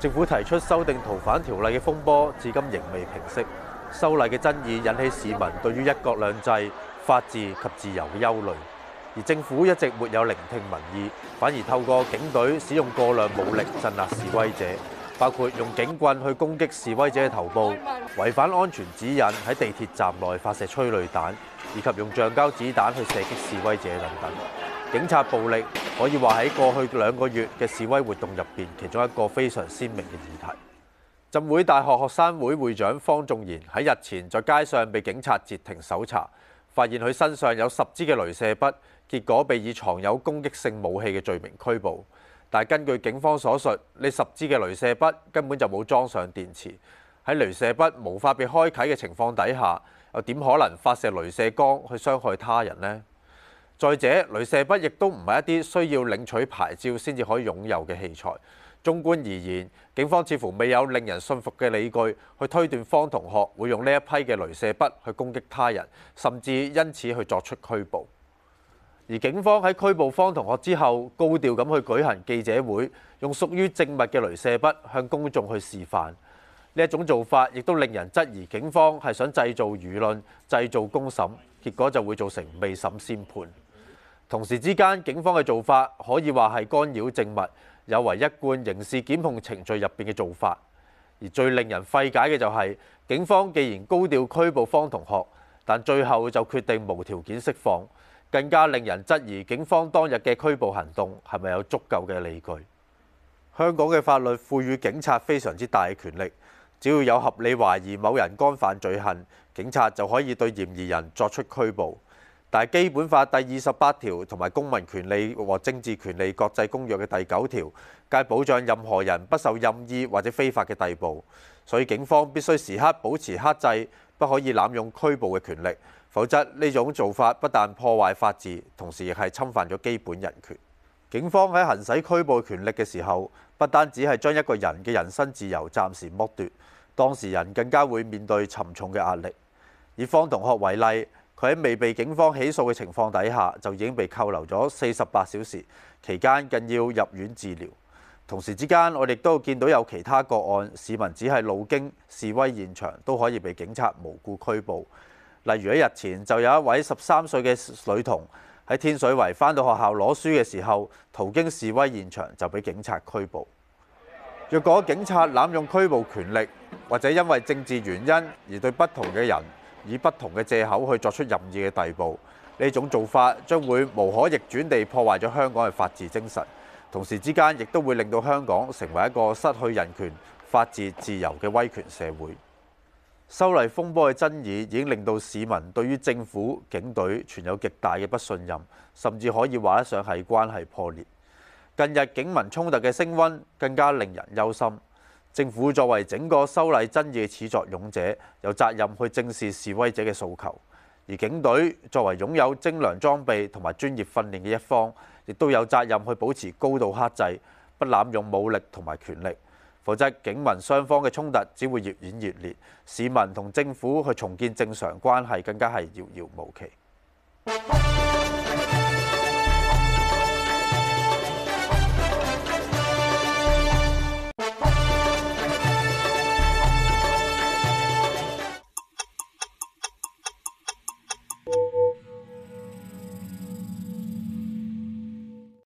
政府提出修訂逃犯條例嘅風波，至今仍未平息。修例嘅爭議引起市民對於一國兩制、法治及自由嘅憂慮。而政府一直沒有聆聽民意，反而透過警隊使用過量武力鎮壓示威者，包括用警棍去攻擊示威者嘅頭部，違反安全指引喺地鐵站內發射催淚彈，以及用橡膠子彈去射擊示威者等等。警察暴力可以話喺過去兩個月嘅示威活動入邊，其中一個非常鮮明嘅議題。浸會大學學生會會長方仲賢喺日前在街上被警察截停搜查，發現佢身上有十支嘅鐳射筆，結果被以藏有攻擊性武器嘅罪名拘捕。但係根據警方所述，呢十支嘅鐳射筆根本就冇裝上電池，喺鐳射筆無法被開啓嘅情況底下，又點可能發射鐳射光去傷害他人呢？再者，鐳射筆亦都唔係一啲需要領取牌照先至可以擁有嘅器材。縱觀而言，警方似乎未有令人信服嘅理據去推斷方同學會用呢一批嘅鐳射筆去攻擊他人，甚至因此去作出拘捕。而警方喺拘捕方同學之後，高調咁去舉行記者會，用屬於證物嘅鐳射筆向公眾去示範。呢一種做法亦都令人質疑警方係想製造輿論、製造公審，結果就會造成未審先判。同時之間，警方嘅做法可以話係干擾證物，有違一貫刑事檢控程序入邊嘅做法。而最令人費解嘅就係，警方既然高調拘捕方同學，但最後就決定無條件釋放，更加令人質疑警方當日嘅拘捕行動係咪有足夠嘅理據？香港嘅法律賦予警察非常之大嘅權力，只要有合理懷疑某人幹犯罪行，警察就可以對嫌疑人作出拘捕。但係《基本法》第二十八條同埋《公民權利和政治權利國際公約》嘅第九條，皆保障任何人不受任意或者非法嘅逮捕。所以警方必須時刻保持克制，不可以濫用拘捕嘅權力。否則呢種做法不但破壞法治，同時亦係侵犯咗基本人權。警方喺行使拘捕權力嘅時候，不單只係將一個人嘅人身自由暫時剝奪，當事人更加會面對沉重嘅壓力。以方同學為例，佢喺未被警方起訴嘅情況底下，就已經被扣留咗四十八小時，期間更要入院治療。同時之間，我哋都見到有其他個案，市民只係路經示威現場都可以被警察無故拘捕。例如喺日前就有一位十三歲嘅女童喺天水圍返到學校攞書嘅時候，途經示威現場就被警察拘捕。若果警察濫用拘捕權力，或者因為政治原因而對不同嘅人，以不同嘅借口去作出任意嘅逮捕，呢種做法將會無可逆轉地破壞咗香港嘅法治精神，同時之間亦都會令到香港成為一個失去人權、法治、自由嘅威權社會。修例風波嘅爭議已經令到市民對於政府、警隊存有極大嘅不信任，甚至可以話得上係關係破裂。近日警民衝突嘅升温更加令人憂心。政府作為整個修例爭議嘅始作俑者，有責任去正視示威者嘅訴求；而警隊作為擁有精良裝備同埋專業訓練嘅一方，亦都有責任去保持高度克制，不濫用武力同埋權力。否則，警民雙方嘅衝突只會越演越烈，市民同政府去重建正常關係更加係遙遙無期。